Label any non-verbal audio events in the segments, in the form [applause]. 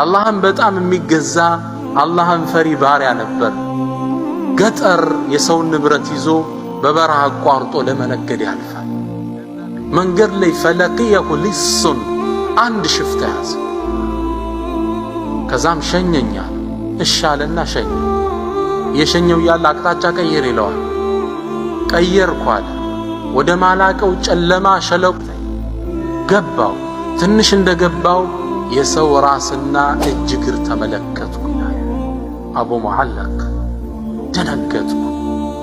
አላህን በጣም የሚገዛ አላህን ፈሪ ባሪያ ነበር። ገጠር የሰውን ንብረት ይዞ በበረሃ አቋርጦ ለመነገድ ያልፋል። መንገድ ላይ ፈለቅየሁ ሊሱን አንድ ሽፍታ ያዘ። ከዛም ሸኘኛ እሻለና ሸኘ። የሸኘው ያለ አቅጣጫ ቀይር ይለዋል። ቀየርኳል ወደ ማላቀው ጨለማ ሸለቆ ገባው። ትንሽ እንደገባው የሰው ራስና እጅ እግር ተመለከትኩ ይላል አቡ ሙዓለቅ። ደነገጥኩ፣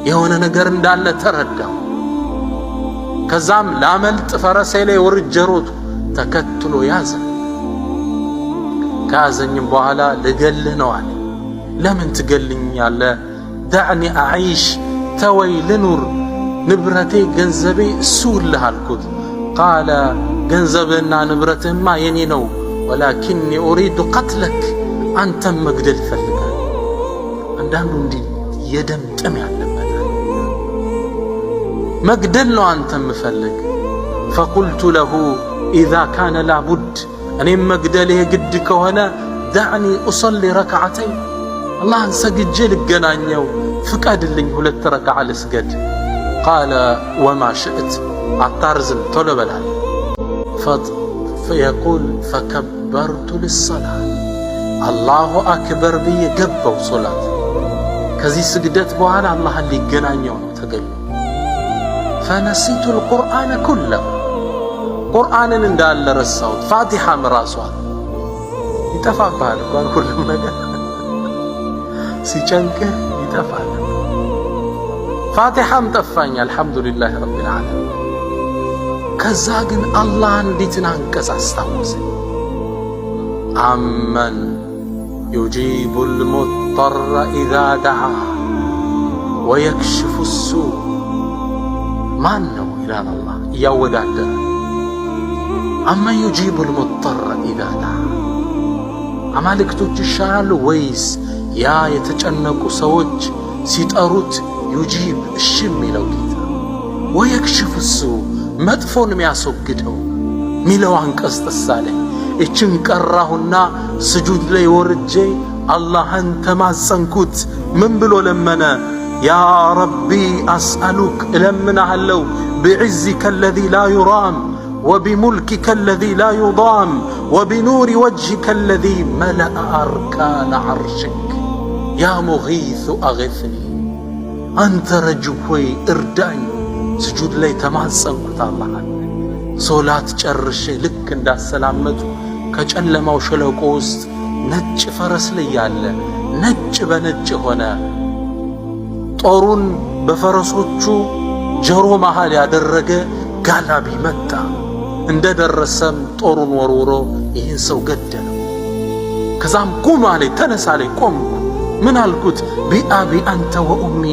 የሆነ ነገር እንዳለ ተረዳሁ። ከዛም ላመልጥ ፈረሴ ላይ ወርጄ ሮጥኩ። ተከትሎ ያዘ። ከያዘኝም በኋላ ልገልህ ነው አለ። ለምን ትገልኛለህ? ዳዕኒ አዒሽ ተወይ ልኑር፣ ንብረቴ ገንዘቤ እሱውልህ አልኩት። ቃለ ገንዘብህና ንብረትህማ የኔ ነው ወላኪኒ ኡሪዱ ቀትለክ፣ አንተም መግደል ይፈልጋል። አንዳንዱ እንዲህ የደም ጥም ያለበታል። መግደል ነው አንተም ምፈልግ። ፈቁልቱ ለሁ ኢዛ ካነ ላቡድ፣ እኔም መግደል ይሄ ግድ ከሆነ ዳዕኒ ኡሰሊ ረክዓተይ፣ አላህን ሰግጄ ልገናኘው ፍቀድልኝ፣ ሁለት ረክዓ ልስገድ። ቃለ ወማ ሽእት፣ አታርዝም ቶሎ በላል ፈየቁል ፈከብ ወአክበርቱ ልሰላ አላሁ አክበር ብዬ ገባው ሶላት። ከዚህ ስግደት በኋላ አላህን ሊገናኘው ነው ተገኙ። ፈነሲቱ ልቁርአነ ኩለሁ ቁርአንን እንዳለ ረሳሁት። ፋቲሓም ራሷል ይጠፋብሃል እንኳን ሁሉም ነገር ሲጨንቅህ ይጠፋል። ፋቲሓም ጠፋኝ። አልሐምዱሊላህ ረቢልዓለሚን። ከዛ ግን አላህ አንዲትን አንቀጽ አስታወሰኝ። عمن يجيب المضطر إذا دعاه ويكشف السوء من إلى الله يا ودادة عمن يجيب المضطر إذا دعاه عمالك تجشال ويس يا يتجنق سوج أروت يجيب الشم لو ويكشف السوء مدفون ما سوكته ميلو عنك أستسالك እችን ቀራሁና ስጁድ ላይ ወርጄ አላህን ተማጸንኩት። ምን ብሎ ለመነ? ያ ረቢ አስአሉክ እለምናሃለው ብዕዝከ አለዚ ላ ዩራም ወቢሙልኪከ አለዚ ላ ዩዳም ወቢኑሪ ወጅህከ አለዚ መለአ አርካነ ዐርሽክ ያ ሙጊሱ አግስኒ አንተ ረጅብ ሆይ እርዳኝ። ስጁድ ላይ ተማጸንኩት አላህን ሶላት ጨርሼ ልክ እንዳሰላመቱ ከጨለማው ሸለቆ ውስጥ ነጭ ፈረስ ላይ ያለ ነጭ በነጭ ሆነ። ጦሩን በፈረሶቹ ጆሮ መሃል ያደረገ ጋላቢ መጣ። እንደደረሰም ጦሩን ወርውሮ ይህን ሰው ገደለው። ከዛም ቁም አለኝ፣ ተነሳ አለኝ። ቆምኩ። ምን አልኩት? ቢአቢ አንተ ወኡሚ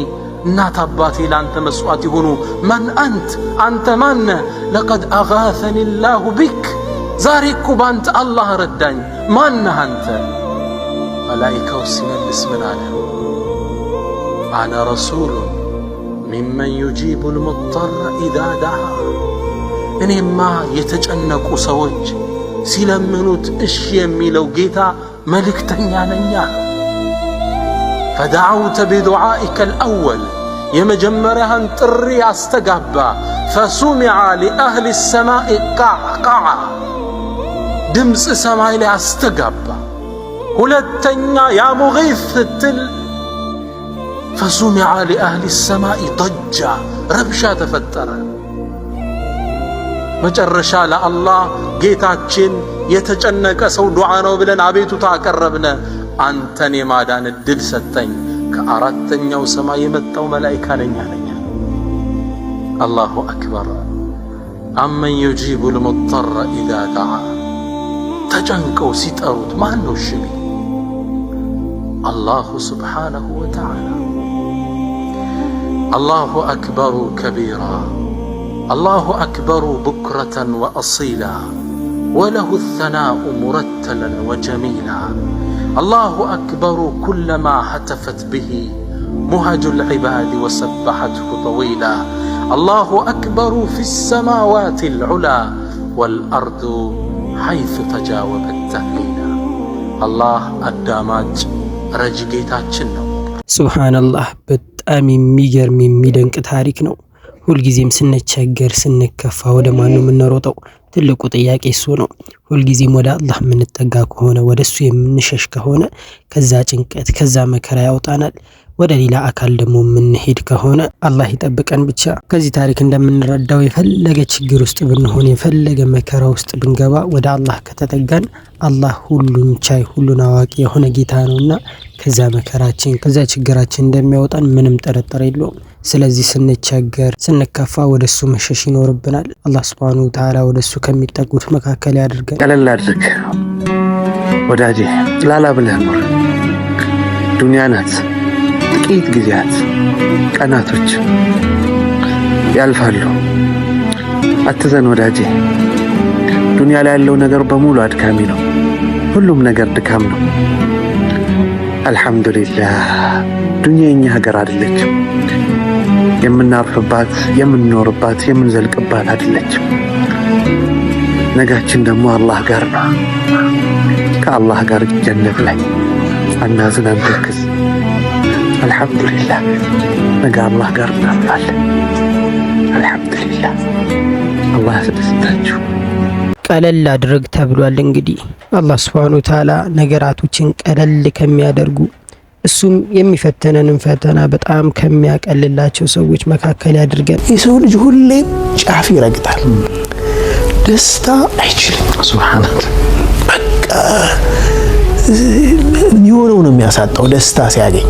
እናት አባቴ ለአንተ መስዋዕት ይሆኑ። መን አንት አንተ ማነ? ለቀድ አጋተኒ ላሁ ቢክ ዛሬ እኮ በአንተ አላህ ረዳኝ። ማነህ አንተ? መላኢካው ሲመልስ ምን አለ? አነ ረሱሉ ሚመን ዩጂቡ ልሙጠር ኢዛ ዳዓ። እኔማ የተጨነቁ ሰዎች ሲለምኑት እሺ የሚለው ጌታ መልእክተኛ ነኛ። ፈዳዓውተ ቢዱዓኢከ ልአወል የመጀመሪያህን ጥሪ አስተጋባ። ፈሱሚዓ ሊአህሊ ሰማኢ ቃዕቃዓ ድምፅ ሰማይ ላይ አስተጋባ። ሁለተኛ ያ ሙጊት ስትል ፈሱሚዐ ሊአህሊ ሰማይ ضጃ ረብሻ ተፈጠረ። መጨረሻ ለአላህ ጌታችን የተጨነቀ ሰው ዱዓ ነው ብለን አቤቱታ አቀረብነ። አንተን የማዳን እድል ሰጠኝ፣ ከአራተኛው ሰማይ የመጣው መላኢካ ነኝ አለኛ። አላሁ አክበር አመን ዩጂቡ ልሙጠረ ኢዛ ዳዓ ተጨንቀው ሲጠሩት ማን ነው ሽሚ አላሁ ስብሓነሁ ወተዓላ አላሁ አክበሩ ከቢራ አላሁ አክበሩ ቡክረተን ወአሲላ وله الثناء مرتلا وجميلا الله أكبر كلما هتفت به مهج العباد وسبحته طويلا الله أكبر في السماوات العلا والأرض ሐይሱ ተጃወበት ተፍሊላ አላህ አዳማጭ ረጅ ጌታችን ነው። ሱብሓነላህ በጣም የሚገርም የሚደንቅ ታሪክ ነው። ሁልጊዜም ስንቸገር ስንከፋ ወደ ማኑ የምንሮጠው? ትልቁ ጥያቄ እሱ ነው። ሁልጊዜም ወደ አላህ የምንጠጋ ከሆነ ወደ እሱ የምንሸሽ ከሆነ ከዛ ጭንቀት ከዛ መከራ ያውጣናል። ወደ ሌላ አካል ደግሞ የምንሄድ ከሆነ አላህ ይጠብቀን። ብቻ ከዚህ ታሪክ እንደምንረዳው የፈለገ ችግር ውስጥ ብንሆን፣ የፈለገ መከራ ውስጥ ብንገባ ወደ አላህ ከተጠጋን አላህ ሁሉን ቻይ ሁሉን አዋቂ የሆነ ጌታ ነውና ከዛ መከራችን ከዛ ችግራችን እንደሚያወጣን ምንም ጥርጥር የለውም። ስለዚህ ስንቸገር፣ ስንከፋ ወደ እሱ መሸሽ ይኖርብናል። አላህ ስብሃነ ወተዓላ ወደ እሱ ከሚጠጉት መካከል ያደርገን። ቀለል አድርግ ወዳጄ፣ ላላ ብለህ ኑር። ዱንያ ናት ጥቂት ጊዜያት፣ ቀናቶች ያልፋሉ። አትዘን ወዳጄ። ዱንያ ላይ ያለው ነገር በሙሉ አድካሚ ነው። ሁሉም ነገር ድካም ነው። አልሐምዱሊላህ ዱንያ የኛ ሀገር አይደለችም። የምናርፍባት፣ የምንኖርባት፣ የምንዘልቅባት አይደለችም። ነጋችን ደግሞ አላህ ጋር ነው። ከአላህ ጋር ጀነት ላይ አናዝን አንተክስ አልሐምዱሊላህ። ነገ አላህ ጋር እናርፋለን። አልሐምዱሊላህ። አላህ ያስደስታችሁ። ቀለል አድርግ ተብሏል። እንግዲህ አላህ ስብሐነሁ ወተዓላ ነገራቶችን ቀለል ከሚያደርጉ እሱም የሚፈተነንን ፈተና በጣም ከሚያቀልላቸው ሰዎች መካከል ያድርገን። የሰው ልጅ ሁሌም ጫፍ ይረግጣል። ደስታ አይችልም። ሱብሃናት በቃ የሆነው ነው የሚያሳጣው ደስታ ሲያገኝ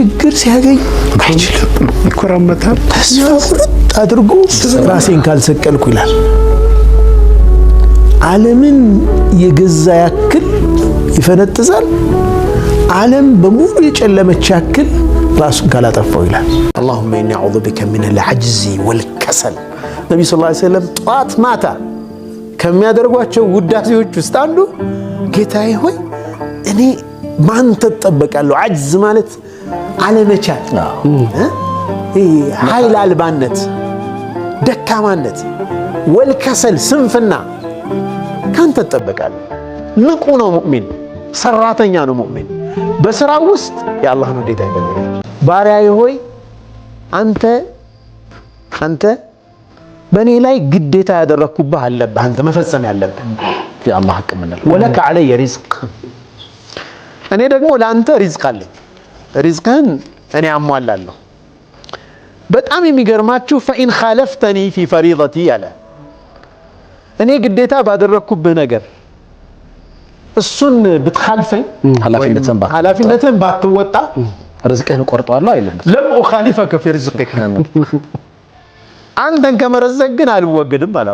ችግር ሲያገኝ አይችልም፣ ይኮራመታል። ተስፋ ቁርጥ አድርጎ ራሴን ካልሰቀልኩ ይላል። ዓለምን የገዛ ያክል ይፈነጥዛል። ዓለም በሙሉ የጨለመች ያክል ራሱን ካላጠፋው ይላል። አላሁመ ኢኒ አዑዙ ቢከ ሚነል ዐጅዚ ወልከሰል። ነቢዩ ሰለላሁ ዐለይሂ ወሰለም ጠዋት ማታ ከሚያደርጓቸው ውዳሴዎች ውስጥ አንዱ ጌታዬ ሆይ እኔ ማን እጠበቃለሁ። ዐጅዝ ማለት አለመቻል፣ ኃይል አልባነት፣ ደካማነት፣ ወልከሰል፣ ስንፍና ካንተ ትጠበቃለህ። ንቁ ነው ሙእሚን፣ ሰራተኛ ነው ሙእሚን። በስራ ውስጥ የአላህን ውዴታ ይፈልጋል። ባሪያዬ ሆይ አንተ አንተ በእኔ ላይ ግዴታ ያደረግኩብህ አለብህ፣ አንተ መፈጸም ያለብህ የአላህ ሐቅ ምንለው ወለከ ዐለየ ሪዝቅ፣ እኔ ደግሞ ለአንተ ሪዝቅ አለኝ ሪዝቅህን እኔ አሟላለሁ። በጣም የሚገርማችሁ ፈኢን ኻለፍተኒ ፊ ፈሪደቲ አለ እኔ ግዴታ ባደረግኩብህ ነገር እሱን ብትካልፈኝ ኃላፊነትን ባትወጣ ርዝቅህን እቆርጠዋለሁ አይልም። ለም ኡኻሊፈከ ፊ ርዝቅክ [laughs] አንተን ከመረዘቅ ግን አልወገድም አለ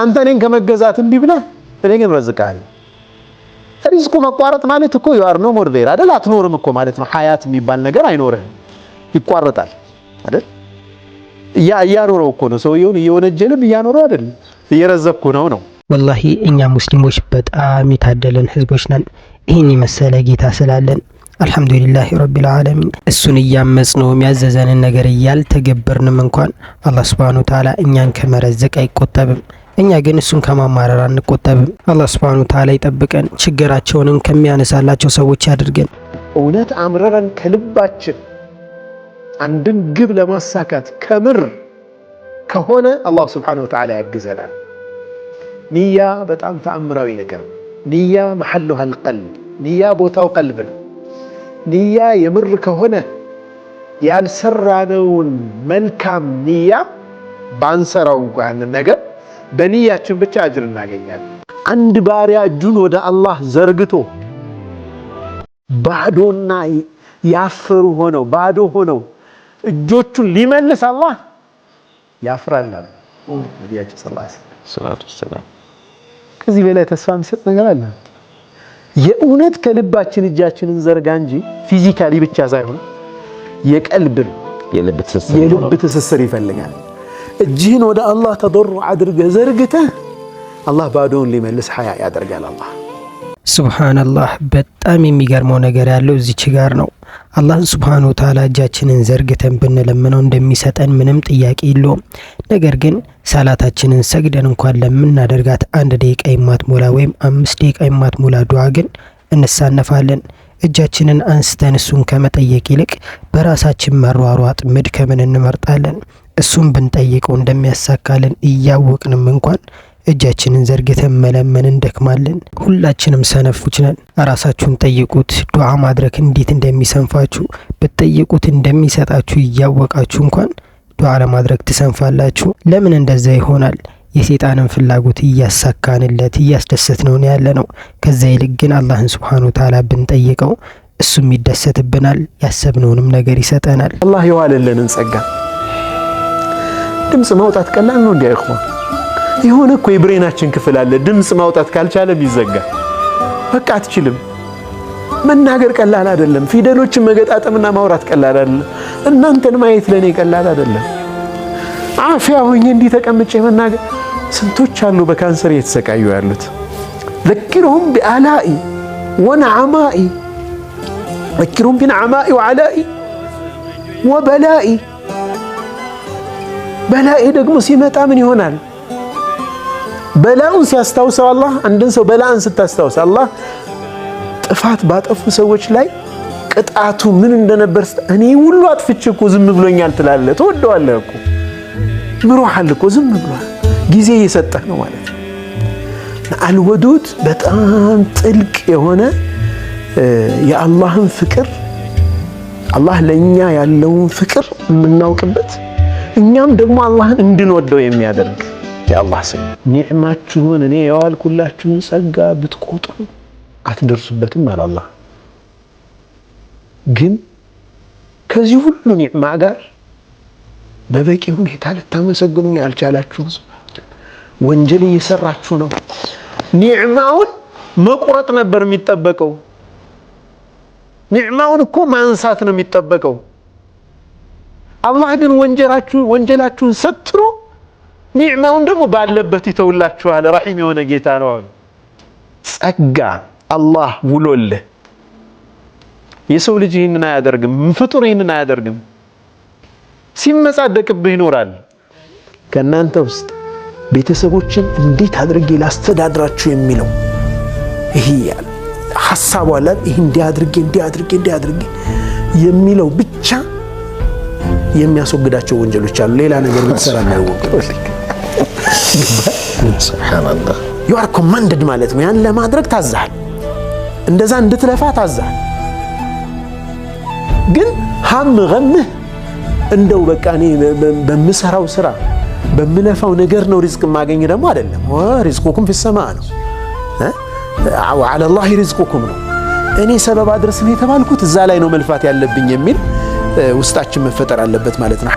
አንተ እኔን ከመገዛት እምቢ ብለህ እኔ ግን እረዝቅሃለሁ የሪዝቁ መቋረጥ ማለት እኮ ዩ አር ኖ ሞር ዜር አይደል? አትኖርም እኮ ማለት ነው። ሀያት የሚባል ነገር አይኖርህም፣ ይቋረጣል አይደል? እያኖረው እኮ ነው ሰውየውን፣ እየወነጀልም እያኖረው አይደል? እየረዘብኩ ነው ነው። ወላሂ እኛ ሙስሊሞች በጣም የታደለን ህዝቦች ነን። ይህን የመሰለ ጌታ ስላለን አልሐምዱሊላህ ረቢል ዓለሚን። እሱን እያመጽ ነው የሚያዘዘንን ነገር እያልተገበርንም እንኳን አላህ ስብሃነ ወተዓላ እኛን ከመረዘቅ አይቆጠብም። እኛ ግን እሱን ከማማረር አንቆጠብም። አላህ ስብሐኑ ተዓላ ይጠብቀን፣ ችግራቸውንም ከሚያነሳላቸው ሰዎች ያድርገን። እውነት አምረረን ከልባችን አንድን ግብ ለማሳካት ከምር ከሆነ አላህ ስብሐኑ ተዓላ ያግዘናል። ንያ በጣም ተአምራዊ ነገር። ንያ መሐሉሃ አልቀልብ፣ ንያ ቦታው ቀልብ ነው። ንያ የምር ከሆነ ያልሰራነውን መልካም ንያ ባንሰራው እንኳን ነገር በንያችን ብቻ አጅር እናገኛለን። አንድ ባሪያ እጁን ወደ አላህ ዘርግቶ ባዶና ያፈሩ ሆነው ባዶ ሆነው እጆቹን ሊመልስ አላህ ያፍራል ሰላቱ ሰላም። ከዚህ በላይ ተስፋ የሚሰጥ ነገር አለ? የእውነት ከልባችን እጃችንን ዘርጋ እንጂ ፊዚካሊ ብቻ ሳይሆን የቀልብን የልብ ትስስር ይፈልጋል። እጅህን ወደ አላህ ተዶሮ አድርገህ ዘርግተህ አላህ ባዶውን ሊመልስ ሀያ ያደርጋል። አላህ ሱብሓነላህ። በጣም የሚገርመው ነገር ያለው እዚች ጋር ነው። አላህን ሱብሓነሁ ወተዓላ እጃችንን ዘርግተን ብንለምነው እንደሚሰጠን ምንም ጥያቄ የለውም። ነገር ግን ሰላታችንን ሰግደን እንኳን ለምናደርጋት አንድ ደቂቃ የማትሞላ ወይም አምስት ደቂቃ የማትሞላ ዱዓ ግን እንሳነፋለን። እጃችንን አንስተን እሱን ከመጠየቅ ይልቅ በራሳችን መሯሯጥ መድከምን እንመርጣለን። እሱን ብንጠይቀው እንደሚያሳካልን እያወቅንም እንኳን እጃችንን ዘርግተን መለመን እንደክማለን። ሁላችንም ሰነፎች ነን። ራሳችሁን ጠይቁት። ዱዓ ማድረግ እንዴት እንደሚሰንፋችሁ ብትጠይቁት እንደሚሰጣችሁ እያወቃችሁ እንኳን ዱዓ ለማድረግ ትሰንፋላችሁ። ለምን እንደዛ ይሆናል? የሴጣንን ፍላጎት እያሳካንለት እያስደሰት ነውን ያለ ነው። ከዛ ይልቅ ግን አላህን ስብሓኑ ወተዓላ ብንጠይቀው እሱም ይደሰትብናል፣ ያሰብነውንም ነገር ይሰጠናል። አላህ የዋለልንን ጸጋ ድምፅ ማውጣት ቀላል ነው። እንዲህ የሆነ እኮ የብሬናችን ክፍል አለ ድምፅ ማውጣት ካልቻለ ቢዘጋ በቃ አትችልም። መናገር ቀላል አይደለም። ፊደሎችን መገጣጠምና ማውራት ቀላል አይደለም። እናንተን ማየት ለእኔ ቀላል አይደለም። አፍያ ሆኜ እንዲህ ተቀምጬ መናገር ስንቶች አሉ በካንሰር እየተሰቃዩ ያሉት። ዘኪርሁም ቢአላኢ ወነዓማኢ ዘኪርሁም ቢነዓማኢ ወዓላኢ ወበላኢ በላኤ ደግሞ ሲመጣ ምን ይሆናል? በላኡን ሲያስታውሰው አላህ አንድን ሰው በላእን ስታስታውስ አላህ ጥፋት ባጠፉ ሰዎች ላይ ቅጣቱ ምን እንደነበር እኔ ሁሉ አጥፍቼ እኮ ዝም ብሎኛል ትላለህ። ትወደዋለህ እኮ ምሮሃል እኮ ዝም ብሏል። ጊዜ እየሰጠህ ነው ማለት ነው። አልወዱድ በጣም ጥልቅ የሆነ የአላህን ፍቅር አላህ ለእኛ ያለውን ፍቅር የምናውቅበት እኛም ደግሞ አላህን እንድንወደው የሚያደርግ የአላህ ስም። ኒዕማችሁን እኔ የዋልኩላችሁን ጸጋ ብትቆጥሩ አትደርሱበትም አለ አላህ። ግን ከዚህ ሁሉ ኒዕማ ጋር በበቂ ሁኔታ ልታመሰግኑኝ ያልቻላችሁ ወንጀል እየሰራችሁ ነው። ኒዕማውን መቁረጥ ነበር የሚጠበቀው። ኒዕማውን እኮ ማንሳት ነው የሚጠበቀው። አላህ ግን ወንጀላችሁን ሰትሮ ኒዕማውን ደግሞ ባለበት ይተውላችኋል። ረሒም የሆነ ጌታ ነው። ጸጋ አላህ ውሎልህ። የሰው ልጅ ይህንን አያደርግም፣ ፍጡር ይህንን አያደርግም። ሲመጻደቅብህ ይኖራል። ከእናንተ ውስጥ ቤተሰቦችን እንዴት አድርጌ ላስተዳድራችሁ የሚለው ይሄ ሀሳቡ አለ። ይህ እንዲህ አድርጌ እንዲህ አድርጌ እንዲህ አድርጌ የሚለው ብቻ የሚያስወግዳቸው ወንጀሎች አሉ። ሌላ ነገር ብትሰራ የማይወገዱ ዩ አር ኮማንደድ ማለት ነው። ያን ለማድረግ ታዛል እንደዛ እንድትለፋ ታዛል ግን ሀም ገምህ እንደው በቃ እኔ በምሰራው ስራ በምለፋው ነገር ነው ሪዝቅ የማገኝ ደግሞ አይደለም። ሪዝቁኩም ፊሰማ ነው፣ አለላህ ሪዝቁኩም ነው። እኔ ሰበብ አድርስ ነው የተባልኩት እዛ ላይ ነው መልፋት ያለብኝ የሚል ውስጣችን መፈጠር አለበት ማለት ነው።